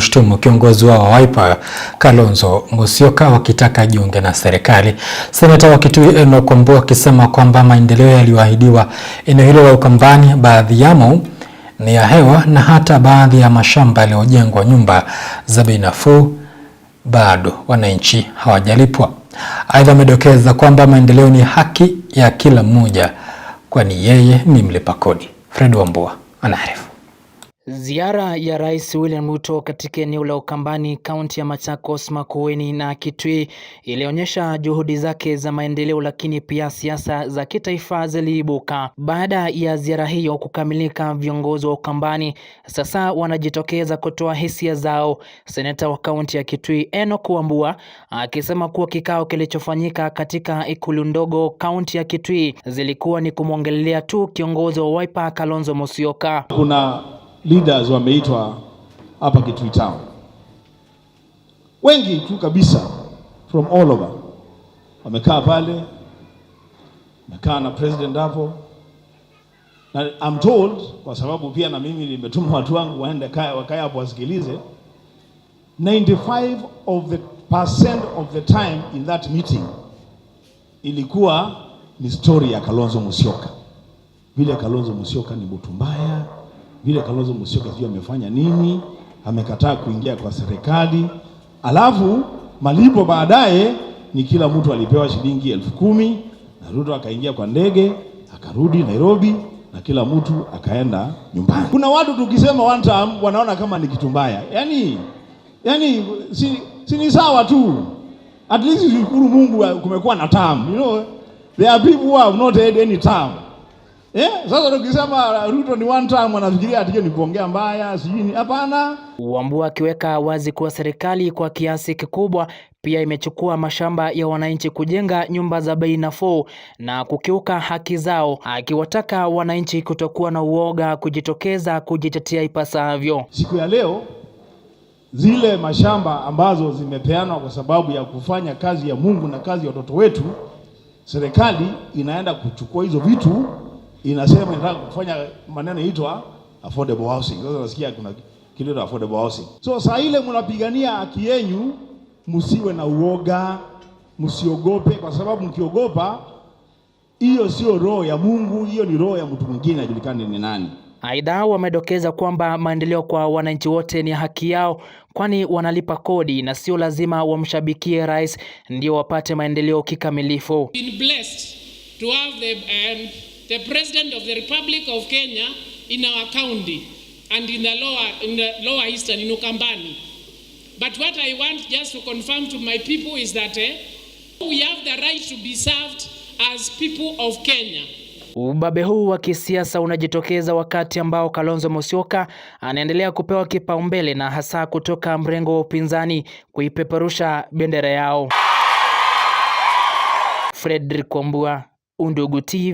wamemshutumu kiongozi wao wa Wiper Kalonzo Musyoka wakitaka jiunge na serikali. Seneta wa Kitui Enoch Wambua akisema kwamba maendeleo yaliyoahidiwa eneo hilo la Ukambani baadhi yamo ni ya hewa na hata baadhi ya mashamba yaliyojengwa nyumba za bei nafuu bado wananchi hawajalipwa. Aidha, amedokeza kwamba maendeleo ni haki ya kila mmoja kwani yeye ni mlipa kodi. Fred Wambua anaarifu. Ziara ya Rais William Ruto katika eneo la Ukambani, kaunti ya Machakos, Makueni na Kitui ilionyesha juhudi zake za maendeleo, lakini pia siasa za kitaifa ziliibuka. Baada ya ziara hiyo kukamilika, viongozi wa Ukambani sasa wanajitokeza kutoa hisia zao, seneta wa kaunti ya Kitui Enock Wambua akisema kuwa kikao kilichofanyika katika ikulu ndogo kaunti ya Kitui zilikuwa ni kumwongelea tu kiongozi wa Wiper Kalonzo Musyoka. Kuna leaders wameitwa hapa Kitui Town, wengi tu kabisa from all over wamekaa pale, wamekaa na president hapo, na I'm told, kwa sababu pia na mimi nimetuma watu wangu waende kaya wakaya hapo wasikilize, 95 of the percent of the time in that meeting ilikuwa ni story ya Kalonzo Musyoka, vile Kalonzo Musyoka ni mtu mbaya vile Kalonzo Musyoka sijui amefanya nini, amekataa kuingia kwa serikali. Alafu malipo baadaye ni kila mtu alipewa shilingi elfu kumi na Ruto akaingia kwa ndege akarudi Nairobi na kila mtu akaenda nyumbani. Kuna watu tukisema one time wanaona kama ni kitu mbaya, yani yani si, si ni sawa tu, at least shukuru Mungu kumekuwa na tamu you know there are people who have not had any time. Eh, sasa tukisema uh, Ruto ni one time wanafikiria ati ni kuongea mbaya, sijui ni hapana. Wambua akiweka wazi kuwa serikali kwa kiasi kikubwa pia imechukua mashamba ya wananchi kujenga nyumba za bei nafuu na kukiuka haki zao, akiwataka wananchi kutokuwa na uoga kujitokeza kujitetea ipasavyo. Siku ya leo zile mashamba ambazo zimepeanwa kwa sababu ya kufanya kazi ya Mungu na kazi ya watoto wetu, serikali inaenda kuchukua hizo vitu inasema inataka kufanya maneno inaitwa affordable housing. Sasa nasikia kuna kitu affordable housing. So saa ile mnapigania haki yenu, msiwe na uoga, msiogope, kwa sababu mkiogopa, hiyo sio roho ya Mungu, hiyo ni roho ya mtu mwingine, ajulikane ni nani. Aidha, wamedokeza kwamba maendeleo kwa wananchi wote ni haki yao, kwani wanalipa kodi na sio lazima wamshabikie rais ndio wapate maendeleo kikamilifu the President of the Republic of Kenya in our county and in the lower, in the lower eastern, in Ukambani. But what I want just to confirm to my people is that eh, we have the right to be served as people of Kenya. Ubabe huu wa kisiasa unajitokeza wakati ambao Kalonzo Musyoka anaendelea kupewa kipaumbele na hasa kutoka mrengo wa upinzani kuipeperusha bendera yao. Fredrick Kwambua, Undugu TV.